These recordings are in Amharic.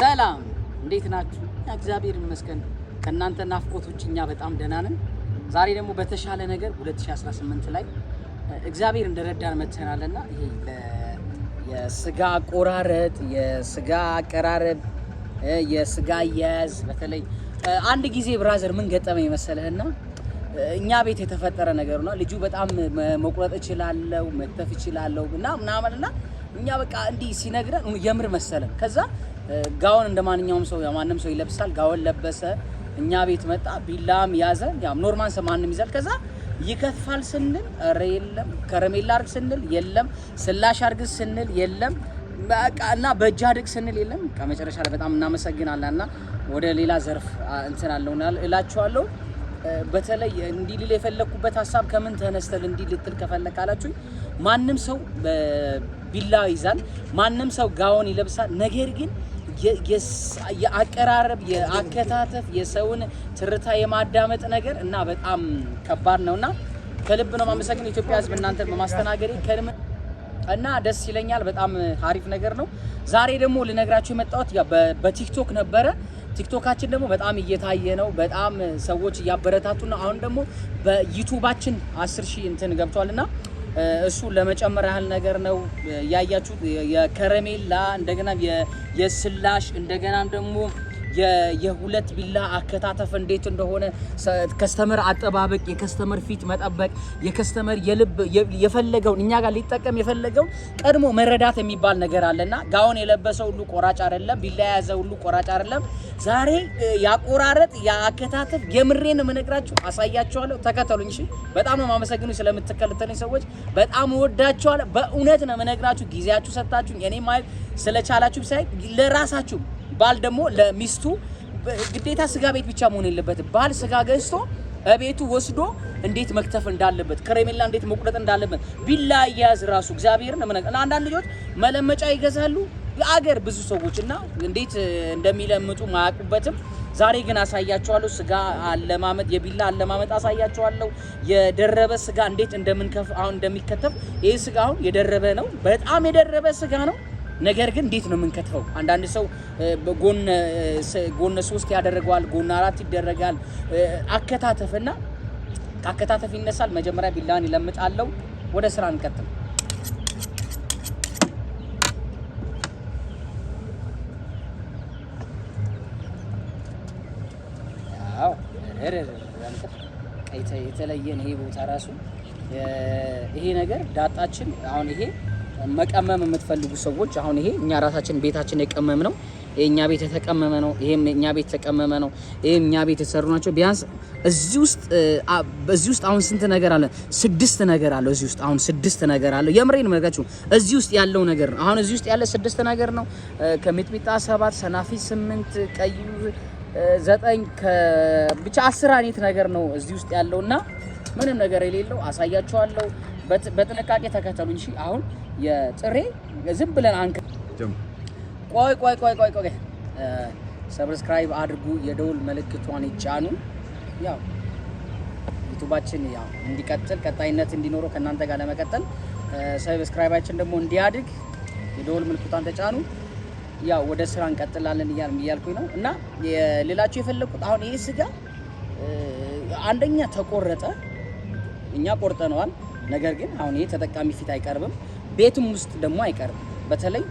ሰላም እንዴት ናችሁ? እግዚአብሔር ይመስገን ከእናንተ ናፍቆቶች እኛ በጣም ደህና ነን። ዛሬ ደግሞ በተሻለ ነገር 2018 ላይ እግዚአብሔር እንደረዳን መጥተናልና ይሄ የስጋ አቆራረጥ፣ የስጋ አቀራረብ፣ የስጋ አያያዝ በተለይ አንድ ጊዜ ብራዘር ምን ገጠመ የመሰለህና እኛ ቤት የተፈጠረ ነገር ነው። ልጁ በጣም መቁረጥ እችላለሁ መተፍ እችላለሁ እና ምናምን እና እኛ በቃ እንዲህ ሲነግረን የምር መሰለን። ከዛ ጋውን እንደ ማንኛውም ሰው ማንም ሰው ይለብሳል። ጋውን ለበሰ፣ እኛ ቤት መጣ፣ ቢላም ያዘ። ያም ኖርማን ሰው ማንም ይዛል። ከዛ ይከፋል ስንል ኧረ የለም፣ ከረሜላ አርግ ስንል የለም፣ ስላሽ አርግ ስንል የለም፣ በቃ እና በእጅ ስንል የለም። ከመጨረሻ ላይ በጣም እናመሰግናለን እና ወደ ሌላ ዘርፍ እንትን አለው እላችኋለሁ። በተለይ እንዲህ ልል የፈለግኩበት ሀሳብ ከምን ተነስተል እንዲህ ልትል ከፈለግ ካላችሁኝ ማንም ሰው ቢላ ይዛል። ማንም ሰው ጋውን ይለብሳል። ነገር ግን የአቀራረብ የአከታተፍ የሰውን ትርታ የማዳመጥ ነገር እና በጣም ከባድ እና ከልብ ነው ማመሰግን ኢትዮጵያ ሕዝብ እናንተን በማስተናገዴ ከልም እና ደስ ይለኛል። በጣም አሪፍ ነገር ነው። ዛሬ ደግሞ ልነግራችሁ የመጣሁት በቲክቶክ ነበረ። ቲክቶካችን ደግሞ በጣም እየታየ ነው። በጣም ሰዎች እያበረታቱ ነው። አሁን ደግሞ በዩቱባችን አስር ሺህ እንትን ገብቷልና እሱ ለመጨመር ያህል ነገር ነው ያያችሁት። የከረሜላ እንደገና የስላሽ እንደገናም ደግሞ የሁለት ቢላ አከታተፍ እንዴት እንደሆነ ከስተመር አጠባበቅ፣ የከስተመር ፊት መጠበቅ፣ የከስተመር የልብ የፈለገውን እኛ ጋር ሊጠቀም የፈለገውን ቀድሞ መረዳት የሚባል ነገር አለና ጋውን የለበሰ ሁሉ ቆራጭ አይደለም፣ ቢላ የያዘ ሁሉ ቆራጭ አይደለም። ዛሬ ያቆራረጥ ያአከታተፍ የምሬን የምነግራችሁ አሳያችኋለሁ። ተከተሉኝ። እሺ፣ በጣም ነው የማመሰግኑኝ ስለምትከተሉኝ ሰዎች፣ በጣም እወዳችኋለሁ። በእውነት ነው የምነግራችሁ ጊዜያችሁ ሰጣችሁ እኔ ማየት ስለቻላችሁ ሳይ ለራሳችሁ ባል ደግሞ ለሚስቱ ግዴታ ስጋ ቤት ብቻ መሆን የለበትም። ባል ስጋ ገዝቶ ቤቱ ወስዶ እንዴት መክተፍ እንዳለበት፣ ከረሜላ እንዴት መቁረጥ እንዳለበት ቢላ እያያዝ ራሱ እግዚአብሔርን ምነ እና አንዳንድ ልጆች መለመጫ ይገዛሉ አገር ብዙ ሰዎች እና እንዴት እንደሚለምጡ ማያውቁበትም። ዛሬ ግን አሳያቸዋለሁ። ስጋ አለማመጥ የቢላ አለማመጥ አሳያቸዋለሁ። የደረበ ስጋ እንዴት እንደምንከፍ አሁን እንደሚከተፍ ይህ ስጋ አሁን የደረበ ነው። በጣም የደረበ ስጋ ነው። ነገር ግን እንዴት ነው የምንከተው? አንዳንድ ሰው ጎነ ሶስት ያደረገዋል፣ ጎነ አራት ይደረጋል። አከታተፍና ከአከታተፍ ይነሳል። መጀመሪያ ቢላን ይለምጣለው። ወደ ስራ እንቀጥል። የተለየን ይሄ ቦታ ራሱ ይሄ ነገር ዳጣችን አሁን ይሄ መቀመም የምትፈልጉ ሰዎች አሁን ይሄ እኛ ራሳችን ቤታችን የቀመም ነው። ይሄ እኛ ቤት የተቀመመ ነው። ይሄም እኛ ቤት የተቀመመ ነው። ይሄ እኛ ቤት የተሰሩ ናቸው። ቢያንስ እዚህ ውስጥ እዚህ ውስጥ አሁን ስንት ነገር አለ? ስድስት ነገር አለ። እዚህ ውስጥ አሁን ስድስት ነገር አለ። የምሬን መጋችሁ እዚህ ውስጥ ያለው ነገር አሁን እዚህ ውስጥ ያለ ስድስት ነገር ነው። ከሚጥሚጣ ሰባት፣ ሰናፊ ስምንት፣ ቀይ ዘጠኝ፣ ከብቻ አስር አይነት ነገር ነው እዚህ ውስጥ ያለውና ምንም ነገር የሌለው አሳያችኋለሁ። በጥንቃቄ ተከተሉኝ። እሺ፣ አሁን የጥሬ ዝም ብለን አንክ ቆይ ቆይ ቆይ ቆይ ቆይ፣ ሰብስክራይብ አድርጉ፣ የደውል ምልክቷን ይጫኑ። ያው ዩቱባችን ያው እንዲቀጥል ቀጣይነት እንዲኖረው ከእናንተ ጋር ለመቀጠል ሰብስክራይባችን ደግሞ እንዲያድግ የደውል ምልክቷን ተጫኑ። ያው ወደ ስራ እንቀጥላለን እያልኩኝ ነው እና ሌላቸው የፈለኩት አሁን ይህ ስጋ አንደኛ ተቆረጠ እኛ ቆርጠነዋል። ነገር ግን አሁን ይሄ ተጠቃሚ ፊት አይቀርብም፣ ቤትም ውስጥ ደግሞ አይቀርብም። በተለይ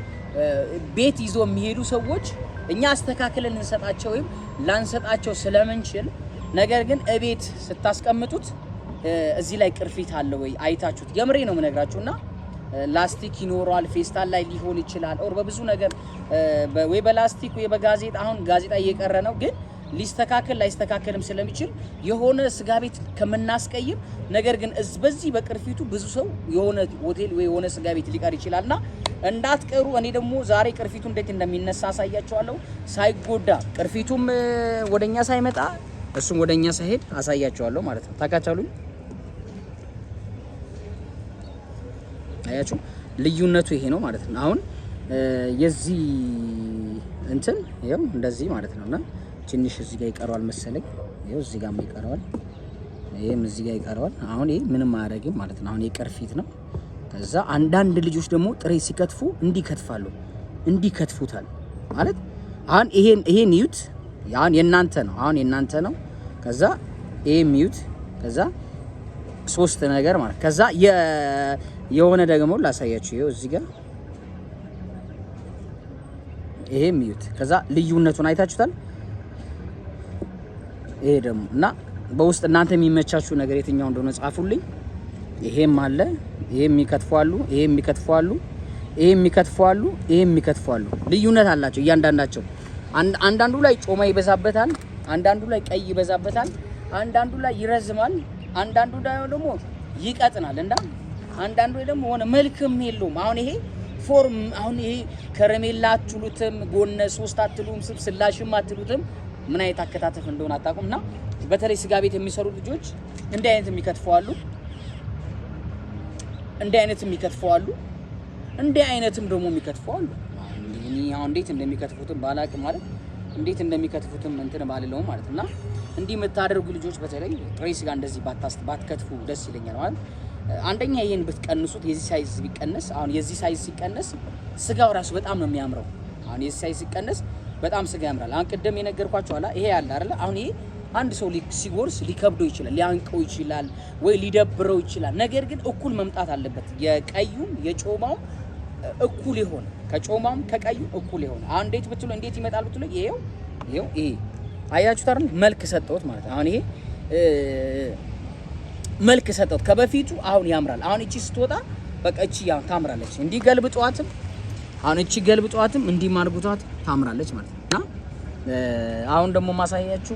ቤት ይዞ የሚሄዱ ሰዎች እኛ አስተካክለን እንሰጣቸው ወይም ላንሰጣቸው ስለምንችል፣ ነገር ግን እቤት ስታስቀምጡት እዚህ ላይ ቅርፊት አለ ወይ አይታችሁት፣ የምሬ ነው የምነግራችሁና ላስቲክ ይኖረዋል፣ ፌስታል ላይ ሊሆን ይችላል፣ ኦር በብዙ ነገር ወይ በላስቲክ ወይ በጋዜጣ አሁን ጋዜጣ እየቀረ ነው ግን ሊስተካከል ላይስተካከልም ስለሚችል የሆነ ስጋ ቤት ከምናስቀይም፣ ነገር ግን በዚህ በቅርፊቱ ብዙ ሰው የሆነ ሆቴል ወይ የሆነ ስጋ ቤት ሊቀር ይችላልና እንዳትቀሩ። እኔ ደግሞ ዛሬ ቅርፊቱ እንዴት እንደሚነሳ አሳያቸዋለሁ። ሳይጎዳ ቅርፊቱም ወደኛ ሳይመጣ እሱም ወደኛ ሳይሄድ አሳያቸዋለሁ ማለት ነው። ታካቻሉኝ አያችሁ፣ ልዩነቱ ይሄ ነው ማለት ነው። አሁን የዚህ እንትን ይኸው እንደዚህ ማለት ነውና ትንሽ እዚህ ጋር ይቀረዋል መሰለኝ። ይሄው እዚህ ጋር ይቀረዋል፣ ይህም እዚህ ጋር ይቀረዋል። አሁን ይሄ ምንም አያደርግም ማለት ነው። አሁን የቅርፊት ነው። ከዛ አንዳንድ ልጆች ደግሞ ጥሬ ሲከትፉ እንዲህ ይከትፋሉ፣ እንዲህ ማለት አሁን ይሄን ይሄን ይዩት። አሁን የናንተ ነው፣ አሁን የናንተ ነው። ከዛ ይሄም ይዩት። ከዛ ሶስት ነገር ማለት ከዛ የሆነ ደግሞ ላሳያችሁ። ይሄው እዚህ ጋር ይሄም ይዩት። ከዛ ልዩነቱን አይታችሁታል። ይሄ ደግሞ እና በውስጥ እናንተ የሚመቻችሁ ነገር የትኛው እንደሆነ ጻፉልኝ። ይሄም አለ፣ ይሄም ይከትፋሉ፣ ይሄም ይከትፋሉ፣ ይሄም ይከትፋሉ፣ ይሄም ይከትፋሉ። ልዩነት አላቸው እያንዳንዳቸው። አንዳንዱ ላይ ጮማ ይበዛበታል፣ አንዳንዱ ላይ ቀይ ይበዛበታል፣ አንዳንዱ ላይ ይረዝማል፣ አንዳንዱ ደግሞ ይቀጥናል እና አንዳንዱ ደግሞ ሆነ መልክም የለውም። አሁን ይሄ ፎርም አሁን ይሄ ከረሜላ አትሉትም፣ ጎነ ሶስት አትሉም፣ ስብስላሽም አትሉትም ምን አይነት አከታተፍ እንደሆነ አታውቁም። እና በተለይ ስጋ ቤት የሚሰሩ ልጆች እንዲህ አይነት አሉ፣ እንዲህ አይነት አሉ እንዲህ አይነትም ደግሞ የሚከትፈዋሉ። አሁን እንዴት እንደሚከትፉትም ባላቅ ማለት እንዴት እንደሚከትፉትም እንትን ባልለውም ማለት እና እንዲህ የምታደርጉ ልጆች በተለይ ጥሬ ስጋ እንደዚህ ባትከትፉ ደስ ይለኛል ማለት አንደኛ ይሄን ብትቀንሱት የዚህ ሳይዝ ቢቀነስ አሁን የዚህ ሳይዝ ሲቀነስ ስጋው ራሱ በጣም ነው የሚያምረው። አሁን የዚህ ሳይዝ ሲቀነስ በጣም ስጋ ያምራል። አሁን ቅድም የነገርኳቸው አላ ይሄ ያለ አይደለ? አሁን ይሄ አንድ ሰው ሲጎርስ ሊከብደው ይችላል፣ ሊያንቀው ይችላል፣ ወይ ሊደብረው ይችላል። ነገር ግን እኩል መምጣት አለበት። የቀዩም የጮማውም እኩል የሆነ ከጮማውም ከቀዩ እኩል የሆነ አሁን እንዴት ብትሉ እንዴት ይመጣል ብትሉ ይሄው ይሄው ይሄ አያችሁት አይደል? መልክ ሰጠሁት ማለት አሁን ይሄ መልክ ሰጠሁት ከበፊቱ አሁን ያምራል። አሁን እቺ ስትወጣ በቃ እቺ ያው ታምራለች። እንዲህ ገልብጧትም አሁን እቺ ገልብጧትም እንዲህ ማርጉቷት ታምራለች ማለት ነው። እና አሁን ደግሞ ማሳያችሁ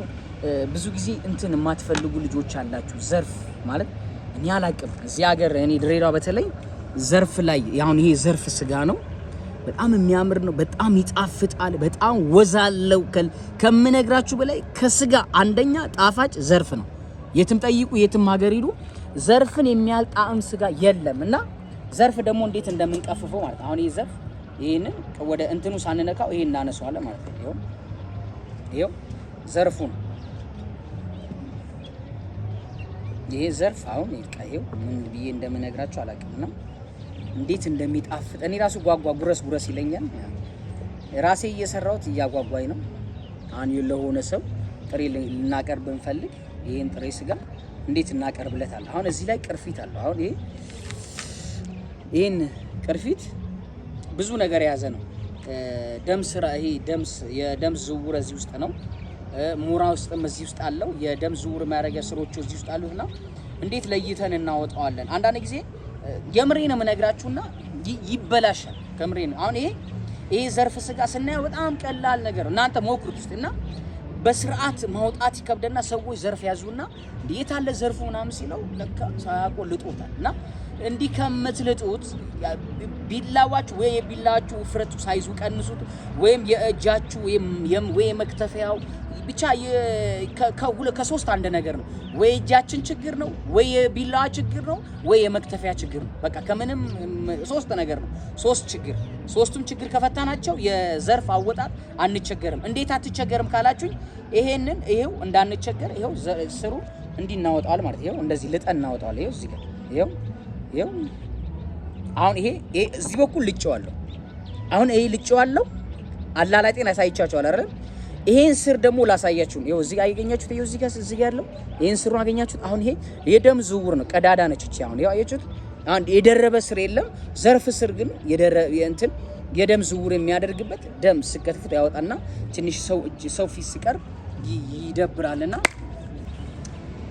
ብዙ ጊዜ እንትን የማትፈልጉ ልጆች አላችሁ። ዘርፍ ማለት እኔ አላቅም እዚህ ሀገር እኔ ድሬዳዋ በተለይ ዘርፍ ላይ አሁን ይሄ ዘርፍ ስጋ ነው። በጣም የሚያምር ነው። በጣም ይጣፍጣል። በጣም ወዛለው አለው። ከምነግራችሁ በላይ ከስጋ አንደኛ ጣፋጭ ዘርፍ ነው። የትም ጠይቁ፣ የትም ሀገር ሂዱ፣ ዘርፍን የሚያልጣዕም ስጋ የለም። እና ዘርፍ ደግሞ እንዴት እንደምንቀፍፈው ማለት አሁን ይሄ ዘርፍ ይህንን ወደ እንትኑ ሳንነካው ይህን እናነሰዋለን ማለት ነው። ይኸው ይኸው ዘርፉን ይሄ ዘርፍ አሁን ይቀየው ምን ብዬ እንደምነግራችሁ አላውቅምና እንዴት እንደሚጣፍጥ እኔ ራሱ ጓጓ ጉረስ ጉረስ ይለኛል። ራሴ እየሰራሁት እያጓጓኝ ነው። አን ለሆነ ሰው ጥሬ ልናቀርብ ብንፈልግ ይሄን ጥሬ ስጋ እንዴት እናቀርብለታል? አሁን እዚህ ላይ ቅርፊት አለው። አሁን ይሄ ይሄን ቅርፊት ብዙ ነገር የያዘ ነው። ደም ስራ ይሄ ደምስ የደም ዝውውር እዚህ ውስጥ ነው። ሙራ ውስጥም እዚህ ውስጥ አለው። የደም ዝውውር ማድረጊያ ስሮቹ እዚህ ውስጥ አሉትና እንዴት ለይተን እናወጣዋለን? አንዳንድ ጊዜ የምሬ ነው የምነግራችሁና ይበላሻል። ከምሬ ነው። አሁን ይሄ ይሄ ዘርፍ ስጋ ስናየው በጣም ቀላል ነገር እናንተ ሞክሩት ውስጥ እና በስርዓት ማውጣት ይከብደና ሰዎች ዘርፍ ያዙና የት አለ ዘርፉ ምናምን ሲለው ለካ ሳያቆ ልጦታል። እና እንዲህ ከምትልጡት ቢላዋችሁ ወይ የቢላችሁ ውፍረቱ ሳይዙ ቀንሱት፣ ወይም የእጃችሁ ወይም የመክተፊያው ብቻ ከሶስት አንድ ነገር ነው። ወይ እጃችን ችግር ነው፣ ወይ የቢላዋ ችግር ነው፣ ወይ የመክተፊያ ችግር ነው። በቃ ከምንም ሶስት ነገር ነው፣ ሶስት ችግር። ሶስቱም ችግር ከፈታናቸው የዘርፍ አወጣት አንቸገርም። እንዴት አትቸገርም ካላችሁኝ ይሄንን ይሄው እንዳንቸገር ይሄው ስሩ እንዲህ እናወጣዋል ማለት ይሄው እንደዚህ ልጠን እናወጣዋል። ይሄው እዚህ ጋር ይሄው ይሄው አሁን ይሄ እዚህ በኩል ልጨዋለሁ። አሁን ይሄ ልጨዋለሁ። አላላጤን አሳይቻቸዋል አይደል? ይሄን ስር ደግሞ ላሳያችሁ ነው። እዚህ ጋር ያገኛችሁት ይሄው እዚህ ጋር እዚህ ያለው ይሄን ስሩን አገኛችሁት። አሁን ይሄ የደም ዝውውር ነው፣ ቀዳዳ ነች እቺ። አሁን ያው አያችሁት፣ አንድ የደረበ ስር የለም። ዘርፍ ስር ግን የደረበ እንትን የደም ዝውውር የሚያደርግበት ደም ስከትፉት ያወጣና ትንሽ ሰው እጅ ሰው ፊት ሲቀርብ ይደብራልና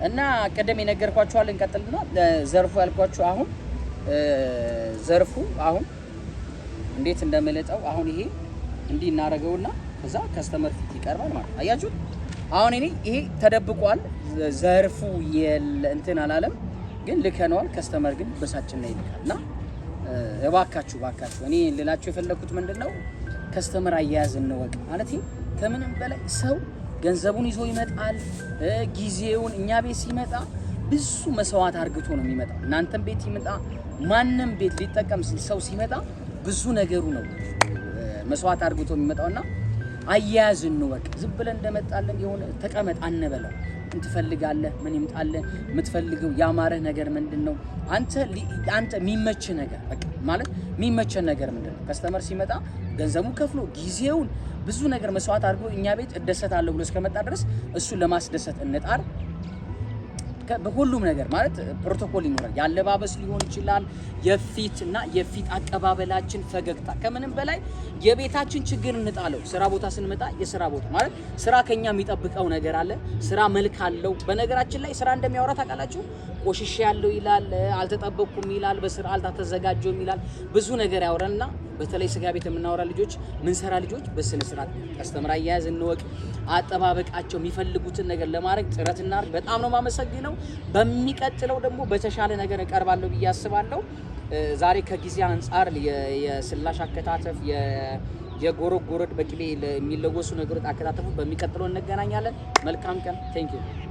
እና ቀደም የነገርኳችሁ አለ እንቀጥልና ዘርፉ ያልኳችሁ አሁን ዘርፉ አሁን እንዴት እንደመለጠው አሁን ይሄ እንዲህ እናደርገውና ከዛ ከስተመር ፊት ይቀርባል ማለት አያችሁ። አሁን እኔ ይሄ ተደብቋል፣ ዘርፉ እንትን አላለም፣ ግን ልከነዋል። ከስተመር ግን በሳችን ላይ ይልካል። እና እባካችሁ እባካችሁ እኔ ልላችሁ የፈለግኩት ምንድን ነው ከስተመር አያያዝ እንወቅ ማለት ከምንም በላይ ሰው ገንዘቡን ይዞ ይመጣል። ጊዜውን እኛ ቤት ሲመጣ ብዙ መስዋዕት አርግቶ ነው የሚመጣ። እናንተም ቤት ይመጣ ማንም ቤት ሊጠቀም ሰው ሲመጣ ብዙ ነገሩ ነው መስዋዕት አርግቶ የሚመጣውና አያያዝ እንወቅ። ዝም ብለን እንደመጣለን የሆነ ተቀመጥ አንበለው። ምን ትፈልጋለህ? ምን ይምጣለን? የምትፈልገው ያማረህ ነገር ምንድን ነው? አንተ አንተ የሚመችህ ነገር በቃ ማለት የሚመችህ ነገር ምንድን ነው? ከስተመር ሲመጣ ገንዘቡ ከፍሎ ጊዜውን ብዙ ነገር መስዋዕት አድርጎ እኛ ቤት እደሰታለሁ ብሎ እስከመጣ ድረስ እሱን ለማስደሰት እንጣር። በሁሉም ነገር ማለት ፕሮቶኮል ይኖራል። ያለባበስ ሊሆን ይችላል፣ የፊት እና የፊት አቀባበላችን ፈገግታ። ከምንም በላይ የቤታችን ችግር እንጣለው። ስራ ቦታ ስንመጣ የስራ ቦታ ማለት ስራ ከኛ የሚጠብቀው ነገር አለ። ስራ መልክ አለው። በነገራችን ላይ ስራ እንደሚያወራ ታውቃላችሁ። ቆሽሽ ያለው ይላል፣ አልተጠበቅኩም ይላል፣ በስራ አልተዘጋጀውም ይላል። ብዙ ነገር ያወራልና በተለይ ስጋ ቤት የምናወራ ልጆች ምንሰራ ልጆች በስነ ስርዓት ከስተምር አያያዝ እንወቅ፣ አጠባበቃቸው፣ የሚፈልጉትን ነገር ለማድረግ ጥረት እናድርግ። በጣም ነው የማመሰግነው። በሚቀጥለው ደግሞ በተሻለ ነገር እቀርባለሁ ብዬ አስባለሁ። ዛሬ ከጊዜ አንጻር የስላሽ አከታተፍ የጎረጎረድ በቅቤ የሚለወሱ ነገሮች አከታተፉ። በሚቀጥለው እንገናኛለን። መልካም ቀን። ቴንኪዩ